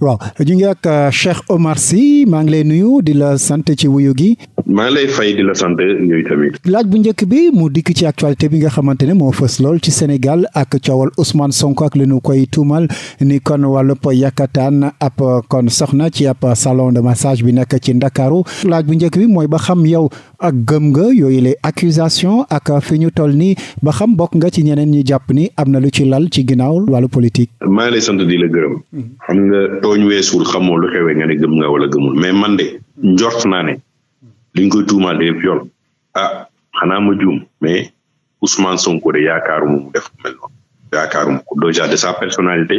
waaw ñu ngi ak euh, Cheikh Omar Sy maa ngi lay nuyu di la sant ci wuyu gi. maa lay fay di la sant yooyu tamit. laaj bu njëkk bi mu dikk ci actualité bi nga xamante ne moo fës lool ci Sénégal ak coowal Ousmane Sonko ak li ñu koy tuumal ni kon wàllub yàkkataan ap kon soxna ci ab salon de massage bi nekk ci Ndakaaru laaj bu njëkk bi mooy ba xam yow ak gëm nga yooyu les accusations ak fi ñu toll nii ba xam bokk nga ci ñeneen ñi jàpp ni am na lu ci lal ci ginnaaw wala politique. maa lay sant di la gërëm. Mm-hmm. xam nga tooñ weesul xamoo lu gëmul mais man de njort naa ne. li ñu koy tuumaal de viol a ah, xanaa ma juum mais Ousmane Sonko de yaakaaruma mu def mel noonu yaakaaruma de sa personnalité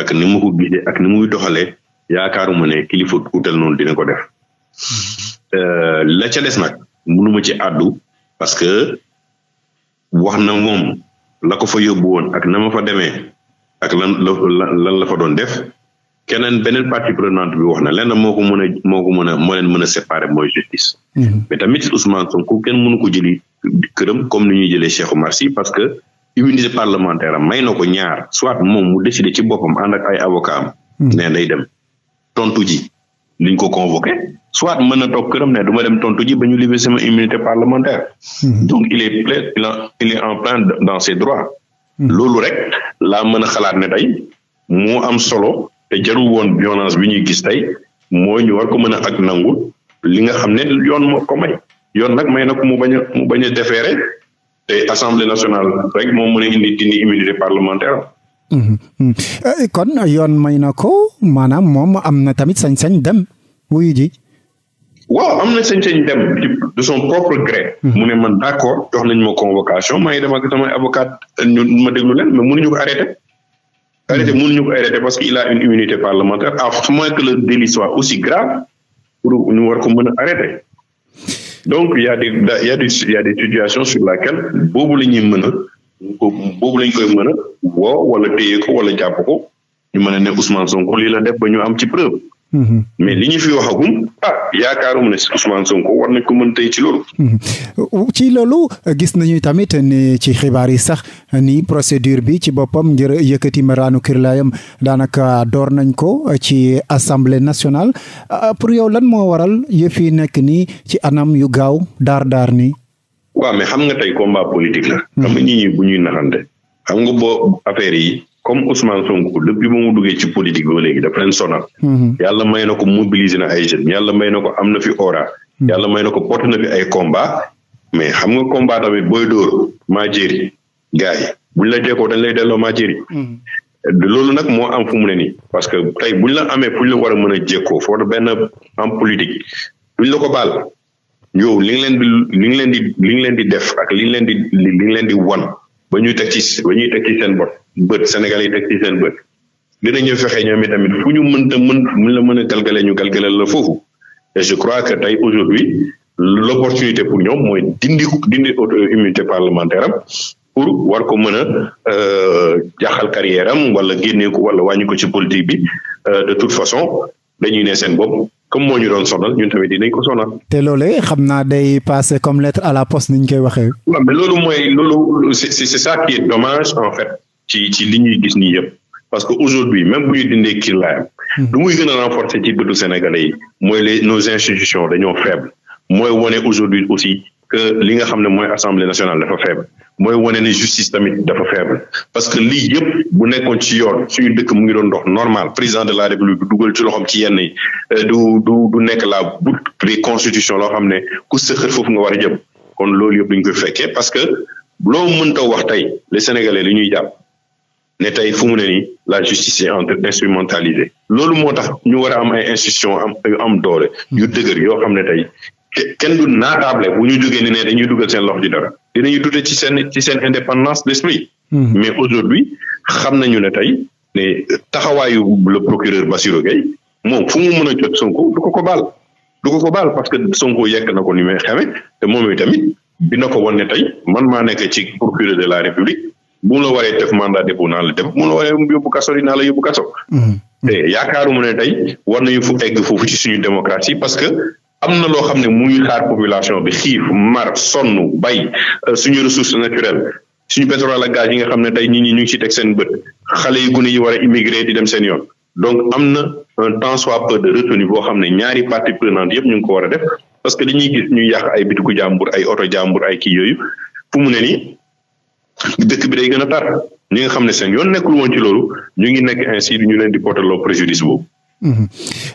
ak ni mu ko gisee ak ni muy doxalee yaakaaruma ne kilifa utal noonu dina ko def mm-hmm. euh, la ca des nag mënuma ci àddu parce que wax na moom la ko fa yóbbu woon ak na ma fa demee ak lan lan la fa doon def keneen beneen partie prenante bi wax na lenn moo ko mën a moo ko mën a mën a séparer mooy justice. Mm-hmm. mais tamit Ousmane Sonko kenn mënu ko jëli këram comme ni ñuy jëlee Cheikh Oumar Sy parce que immunité parlementaire am may na ko ñaar soit moom mu décider ci boppam ànd ak ay avocat am. Mm-hmm. ne day dem tontu ji liñ ko convoqué soit mën na toog këram ne du ma dem tontu ji ba ñu lever sama immunité parlementaire. Mm-hmm. donc il est plein il est en plein dans ses droits. loolu rek laa mën a xalaat ne tey moo am solo. te jarul woon violence bi ñuy gis tey mooy ñu war ko mën a ak nangu li nga xam ne yoon moo ko may yoon nag may na ko mu bañ a mu bañ a defeere te assemblée nationale rek moo mën a indi dindi immunité parlementaire mhm. euh, kon yoon may na ko maanaam moom am na tamit sañ-sañ dem wuyu ji waaw am na sañ-sañ dem de son propre gré mhm. mu ne man d'accord jox nañ ma convocation may dem ak samay avocat ñu ma déglu leen mais mënuñu ko arrêté arrêté hmm. mënuñu ko arrêté parce que il a une immunité parlementaire à moins que le délit soit aussi grave pour ñu war ko mën a arrêté donc y a des y a des y a sur laquelle boobu la ñuy mën a boobu la ñu koy mën a woo wala téye ko wala jàpp ko ñu mën a ne Ousmane Sonko lii la def ba ñu am ci preuve Mm-hmm. mais li ñu fi waxagum ah yaakaaruma ne si Ousmane Sonko war nañ ko mën tey ci loolu. Mm-hmm. ci loolu gis nañu tamit ne ci xibaar yi sax ni procédure bi ci boppam ngir yëkkati maraanu kirlaayam daanaka door nañ ko ci assamble nationale ah, pour yow lan moo waral yëf yi nekk nii ci anam yu gaaw daar daar nii. waaw mais xam nga tey combat politique la. xam nga mm-hmm. nit ñi ñuy naxante. xam nga boo affaire yi. comme Ousmane Sonko depuis ba mu duggee ci politique ba léegi dafa leen sonal. Mhm. yàlla may na ko mobiliser na ay jeunes yàlla may na ko am na fi aura. Mhm. yàlla may na ko porte na fi ay combat mais xam nga combat tamit booy dóor maa jéeri gars yi buñ la jekkoo dañ lay delloo maa jéeri. Mhm. loolu nag moo am fu mu ne nii parce que tey buñ la amee fuñ la war a mën a jékkoo foofu benn en politique duñ la ko baal yow li nga leen di li nga leen di li nga leen di def ak li nga leen di li leen di wan. ba ñuy teg ci ba ñuy teg ci seen bot bët Sénégal yi teg ci seen bët dinañu fexe ñoom itamit fu ñu mënta mën mun la mën a galgale ñu galgale la foofu je crois que tey aujourd'hui l'opportunité pour ñoom mooy dindi dindi immunité parlementaire am pour war ko mën a euh, jaaxal carrière am wala génneeku wala wàññi ko ci politique bi euh, de toute façon dañuy ne seen bopp comme moo ñu doon sonal ñun tamit dinañ ko sonal. te loolee xam naa day passer comme lettre à la poste ni ñu koy waxee. waaw mais loolu mooy loolu c'est c'est ça qui est en fait ci ci li ñuy gis nii yëpp parce que aujourd'hui même bu ñu dindee kirlaayam. Hmm. lu muy gën a renforcer ci bëtu Sénégalais yi. mooy les nos institutions dañoo faibles. mooy wone aujourd'hui aussi que li nga xam ne mooy assemblée nationale dafa faible mooy wane ne justice tamit dafa faible parce que lii yëpp bu nekkoon ci yoon suñu dëkk mu ngi doon dox normal président de la république du dugal ci loxoom ci yenn yi euh, du du du nekk la butte des constitutions loo xam ne ku sëxër foofu nga war a jëm kon loolu yëpp duñ koy fekkee parce que loo mënta wax tey les sénégalais li ñuy jàpp ne tey fu mu ne nii la justice est entre instrumentalisée loolu moo tax ñu war am ay institutions am am doole yu dëgër yoo xam ne tey kenn du naataable bu ñu jógee ne ne dañuy dugal seen loxo ci dara dinañu dute ci seen ci seen indépendance d'esprit hmm. mais aujourd'hui xam na ñu ne tey ne taxawaayu le procureur Bassirou Gueye moom fu mu mun a jot Sonko du ko ko baal du ko ko baal parce que Sonko yekk na ko ni may xame te moom itamit dina ko wan ne tey man maa nekk ci procureur de la république bu la waree def mandat dépôt naa la def bu la waree yóbbu kaso dinaa la yóbbu kaso. Hmm. Hmm. te yaakaaruma ne tey war nañu foofu ci suñu démocratie parce que am na loo xam ne muy xaar population bi xiif mar sonn bay euh, suñu ressource naturelle suñu pétrole ak gaz yi nga xam ne tey nit ñi ñu ngi ci teg seen bët xale yu gune yi war a immigré di dem seen yoon donc am na un temps soit peu de retenue boo xam ne ñaari parties prenantes yëpp ñu ngi ko war a def parce que dañuy gis ñu yàq ay bitiku jàmbur ay oto jàmbur ay kii yooyu fu mu ne nii dëkk bi day gën a tar ñi nga xam ne seen yoon nekkul woon ci loolu ñu ngi nekk ainsi ñu leen di porter loo préjudice Mhm.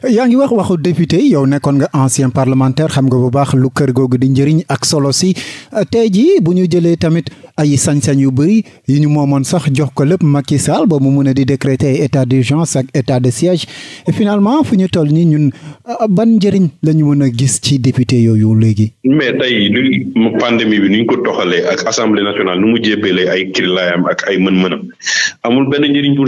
yaa ngi wax waxu député yow nekkoon nga ancien parlementaire xam nga bu baax lu kër googu di njëriñ ak solo si euh, tey jii bu ñu jëlee tamit ay sañ-sañ yu bëri yi ñu moomoon sax jox ko lépp Macky Sall ba mu mun di décréter état d'urgence ak état de siège et finalement fu ñu toll nii ñun euh, ban njëriñ lañu mën a gis ci député yooyu léegi. mais tey lu pandémie bi ni ñu ko toxalee ak assemblée nationale nu mu jébbalee ay kirlaayam ak ay mën-mënam amul benn njëriñ pour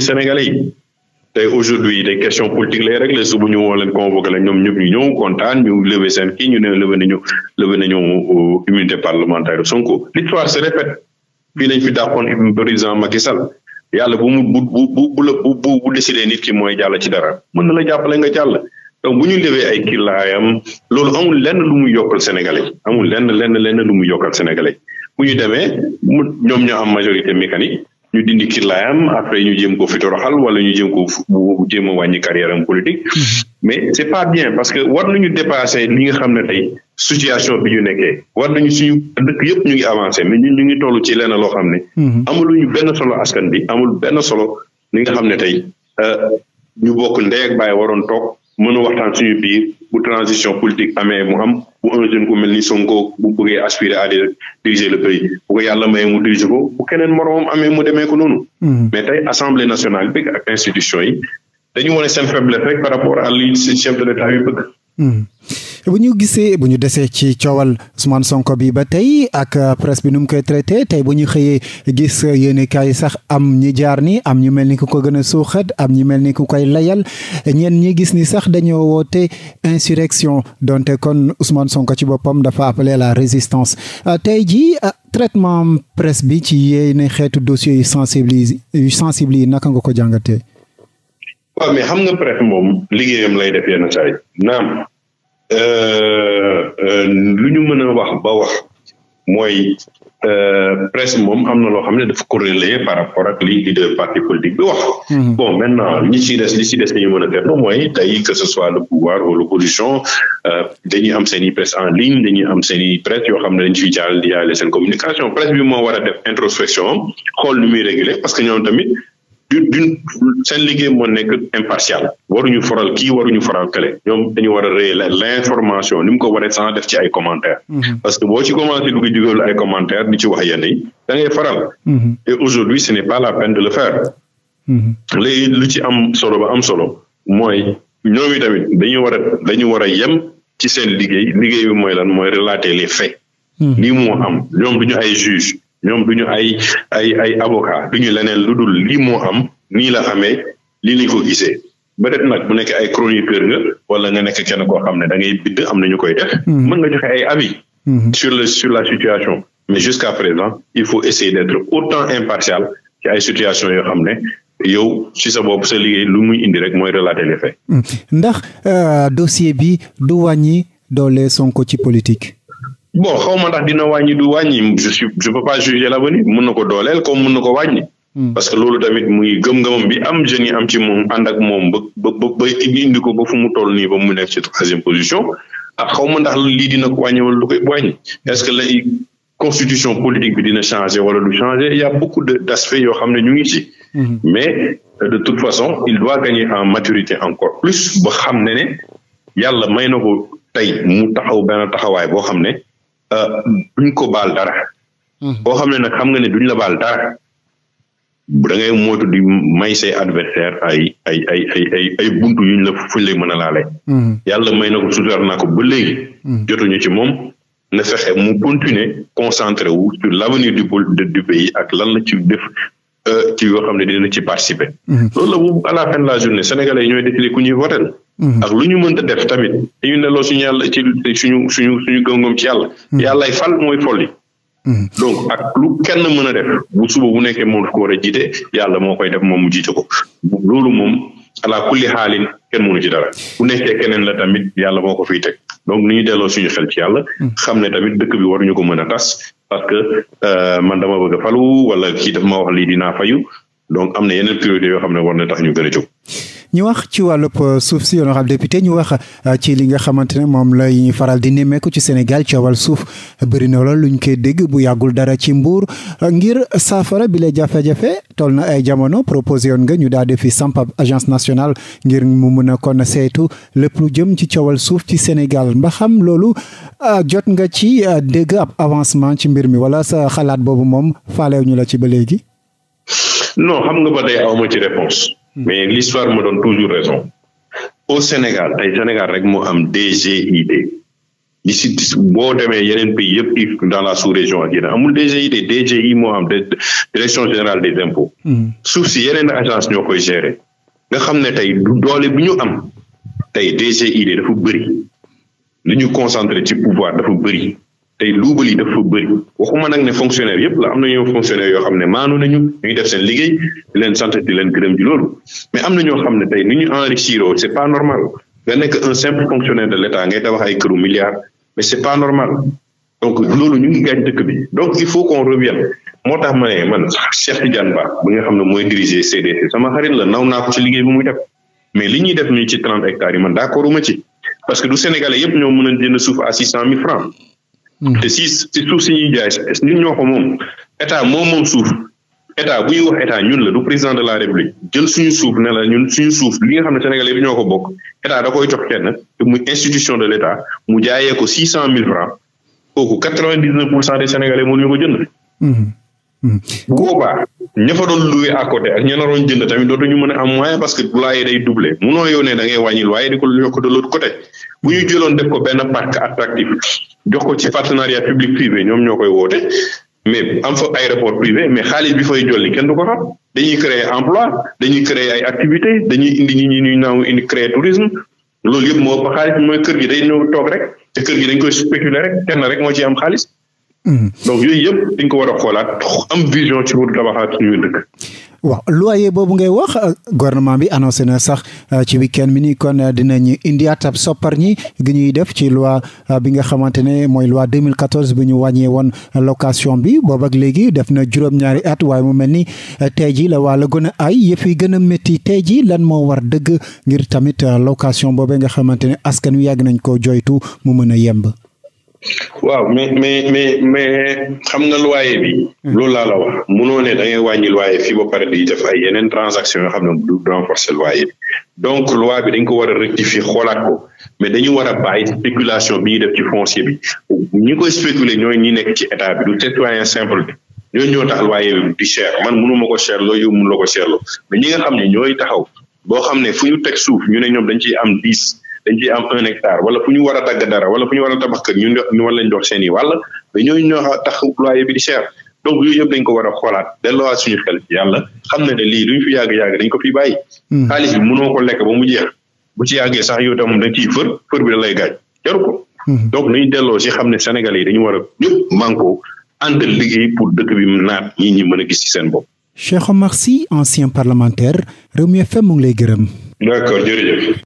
tey aujourd'hui des questions politiques lay régler su bu ñu woo leen convoqué la ñoom ñëpp ñu ñëw kontaan ñu lever seen kii ñu ne lever nañu lever nañu euh, immunité parlementaire Sonko l'histoire se répète fii lañ fi dàqoon président Macky Sall yàlla bu mu bu bu bu la bu bu décidé nit ki mooy jàll ci dara mën na la jàppale nga jàll bu ñu levee ay kilaayam loolu amul lenn lu muy yokkal sénégalais amul lenn lenn lenn lu muy yokkal sénégalais bu ñu demee mu ñoom ñoo am majorité mécanique ñu dindi killaayam après ñu jéem ko fi toroxal wala ñu jéem ko jéem a wàññi carrière am politique mm-hmm. mais c'est pas bien parce que war nañu dépasser li nga xam ne tey situation bi ñu nekkee war nañu suñu dëkk yëpp ñu ngi avancé mais ñu ngi toll ci lenn loo xam ne mm-hmm. ñu benn solo askan bi amul benn solo ni nga xam ne tey euh, ñu bokk ndey ak baay waroon toog mën a waxtaan suñu biir bu transition politique amee mu am bu un jeune ku mel ni Sonko bu bëggee aspirer à diriger le pays bu ko yàlla mayee mu diriger ko bu keneen moromam amee mu demee ko noonu. Mm-hmm. mais tey assemblée nationale bi ak institution yi dañu wane sen faiblesse rek par rapport à li chef de l' état bëgg. Mm-hmm. bu ñu gisee bu ñu desee ci coowal Ousmane Sonko bi ba tey ak presse bi nu mu koy traité tey bu ñu xëyee gis yéene kaay sax am ñi jaar ni am ñu mel ni ku ko gën a suuxat am ñu mel ni ku koy layal ñenn ñi gis ni sax dañoo woote insurrection donte kon Ousmane Sonko ci boppam dafa appelé à la résistance euh, tey ji euh, traitement presse bi ci yéene xeetu dossiers yu sensibilis yu sensible yi naka nga ko jàngatee. waaw mais xam nga presse moom liggéeyam lay def yenn saa Euh, euh, lu ñu mën a wax ba wax mooy euh, presse moom am na loo xam ne dafa corrélé par rapport ak li leader parti politique bi wax. Hmm. bon maintenant ñi ci des li ci des dañu mën a gàddu mooy tey que ce soit le pouvoir ou l'opposition dañuy am seen i presse en ligne dañuy am seen i presse yoo xam ne dañu fi jaarale di jaarale seen communication presse bi moo war def introspection xool lu muy réguler parce que ñoom tamit. d'une seen liggéey moo nekk impartial waruñu faral kii waruñu faral kële ñoom dañu war a rëy la l'information ni mu ko waree sans def ci ay commentaire mm-hmm. parce que boo ci commencé dugg dugal ay commentaire ci wax yenn yi da ngay faral mm-hmm. et la peine mm-hmm. lu ci am solo ba am solo mooy ñoom tamit dañu war dañu war yem ci seen liggéey liggéey bi mooy lan mooy relater les faits lii am ñoom duñu ay juge ñoom duñu ay ay ay du ñu leneen lu dul lii moo am nii la amee lii lañ ko gisee peut-être nag bu nekk ay chroniqueur nga wala nga nekk kenn koo xam ne da bidd am na ñu koy def. Hmm. mën nga joxe ay avis. Hmm. sur le sur la situation. mais jusqu'à présent il faut essayer d'être autant impartial ci ay situation yoo xam ne yow si sa bopp sa liggéey lu muy indi rek mooy relater les faits. Hmm. ndax euh, dossier bi du wàññi doole Sonko ci politique. bon xaw ma ndax dina wàññi du wàññi je suis je peux mun na ko dooleel comme mun na ko wàññi. Hmm. parce que loolu tamit muy gëm-gëmam bi am jeunes yi am ci moom ànd ak moom ba ba ba indi ko ba fu mu toll nii ba mun nekk ci troisième position a ah, xaw ma ndax lii dina ko wàññi wala du koy wàññi est-ce que la constitution politique bi dina changer wala lu changer il y a beaucoup de d'aspects yo xam ne ñu ngi ci. Hmm. mais euh, de toute façon il doit gagner en maturité encore plus ba xam ne ne yàlla may na ko tey mu taxaw benn taxawaay boo xam ne. a euh, duñ ko baal dara. Hmm. koo xam ne nag xam nga ne duñ la baal dara da ngay moytu di may say adversaire ay ay ay ay ay ay buntu yuñ la fuñ lay mën a laale. Hmm. yàlla may na ko sutar naa ko ba léegi. Hmm. jotuñu ci moom na fexe mu continuer concentré wu sur l' avenir du du pays ak lan la ci def. Euh, ci yoo xam ne dina ci participer. loolu la bu à la fin la journée sénégalais ñooy décidé ku ñuy Mm-hmm. ak lu ñu mën mënta def tamit dañu neloo suñu yàlla ci suñu suñu suñu gëm-gëm ci yàlla mm-hmm. ay fal mooy folli mm-hmm. donc ak lu kenn mën a def bu suba bu nekkee moom ko war a jiite yàlla moo koy def moom mu jiite ko loolu moom ala kulli xaalin kenn mënu ci dara bu nekkee keneen la tamit yàlla moo ko fiy teg donc ni ñu delloo suñu xel ci yàlla xam ne tamit dëkk bi waru ñu ko mën a tas parce que euh, man dama bëgg a falu wala kii daf ma wax lii dinaa fayu donc am na yeneen priorité yoo xam ne war na tax ñu gën a ñu wax ci wàllub euh, suuf si yoon honorable député ñu wax euh, ci li nga xamante ne moom lay faral di nemmeeku ci Sénégal coowal suuf bëri na lool luñ koy dégg bu yàggul dara ci mbuur euh, ngir saafara bi lay jafe-jafe toll na ay jamono proposé yoon nga ñu daal di fi samp ab agence nationale ngir mu mën a kon saytu lépp lu jëm ci coowal suuf ci Sénégal mba xam loolu jot nga ci dégg ab avancement ci mbir mi wala sa xalaat boobu moom faalew ñu la ci ba léegi. non xam Mm-hmm. mais l'histoire me donne toujours raison au Sénégal tey Sénégal rek moo am DGID li si boo demee yeneen pays yëpp dans la sous-région ak yeneen amul DGID i moo am direction générale des impôts mm-hmm. suuf si yeneen agence ñoo koy gérer nga xam ne tey du doole bi ñu am tey DGID dafa bëri li ñu concentré ci pouvoir dafa bëri tey luubal yi dafa bëri waxuma nag ne fonctionnaire yëpp la am na ñoo fonctionnaire yoo xam ne maanu nañu ñuy def seen liggéey di leen sant di leen loolu mais am na ñoo xam ne tey ni ñu enrichir c'est pas normal nga nekk un simple fonctionnaire de l'État ngay tabax ay këru milliards mais c'est pas normal donc loolu ñu ngi gaañ dëkk bi donc il faut qu'on revienne moo tax ma ne man Cheikh Tidiane Ba bi nga xam ne mooy diriger CDC sama xarit la naw naa ko ci liggéey bu muy def mais li ñuy def nii ci trente hectares yi man d'accord uma ci ñoo mën a jënd Mm-hmm. te si si suuf si ñuy jaay ñun ñoo ko moom état moo moom suuf état bu ñuy wax état ñun la du président de la république jël suñu suuf ne la ñun suñu suuf li nga xam ne sénégalais bi ñoo ko bokk état da koy jox kenn te muy institution de l' état mu jaayee ko six cent mille francs kooku quatre vingt dix neuf pour cent des sénégalais mënuñu ko jënd. Mm-hmm. Mm-hmm. bu boobaa ña fa doon loué à côté ak ña naroon tamit dootuñu mën a am moyen parce que loyer day doublé munoo yow ne da ngay wàññi loyer di ko yokk de l'autre côté bu ñu jëloon def ko benn parc attractif jox ko ci partenariat public privé ñoom ñoo koy woote mais am fa aéroport privé mais xaalis bi fay jolli kenn du ko fa dañuy créer emploi dañuy créer ay activité dañuy indi ñi ñi ñuy naaw indi créer tourisme loolu yëpp moo ëpp xaalis mooy kër gi day ñëw toog rek kër gi dañ koy spéculer rek kenn rek moo ci am donc yooyu yëpp dañ ko war a xoolaat am vision ci pour tabaxaat suñuy dëkk. waaw loyer boobu ngay wax euh, gouvernement bi annoncé na sax euh, ci weekend mi ni kon euh, dinañu indiwaat ab soppar ñi gi ñuy def ci loi bi nga xamante ne mooy loi 2014 bi ñu wàññee woon location bi boobu ak léegi def na juróom-ñaari at waaye mu mel ni tey jii la waa la gën a ay yëf yi gën a métti tey jii lan moo war dëgg ngir tamit location boobee nga xamante ne askan wi yàgg nañ koo joytu mu mën a yemb. waaw mais mais mais mais xam nga loyer bi. Hmm. loolu laa la wax munoo ne da ngay wàññi loyer fii ba pare di def ay yeneen transaction yoo xam ne du renforcer loyer bi donc loi bi dañ ko war a rectifier xoolaat ko mais dañu war a bàyyi bi ñuy def ci foncier bi ñi koy spéculer ñooy ñi nekk ci état bi du citoyen simple bi ñooñu ñoo tax loyer bi di cher man mënu ma ko cherloo yow mënu la ko cherloo mais ñi nga xam ne ñooy taxaw boo xam ne fu ñu teg suuf ñu ne ñoom dañu ciy am dix. dañ ciy am un hectare wala fu ñu war a dagg dara wala fu ñu war a tabax kër ñu war lañ jox seen i wàll mais ñooñu tax loyer bi di cher donc yëpp dañ ko war a xoolaat delloowaat suñu xel ci yàlla xam na ne lii duñ fi yàgg-yàgg dañ ko fi bàyyi hmm. xaalis bi mënoo ko lekk ba mu jeex bu ci yàggee sax yow tam dañ ciy fër fër bi da lay gaaj jaru ko hmm. donc ñu delloo si xam ne Sénégalais yi dañu war a ñëpp manko ànd liggéey pour dëkk bi naat ñi ñi mën a gis ci seen bopp Cheikh Omar Sy ancien parlementaire Rewmi FM mu ngi lay gërëm d'accord jërëjëf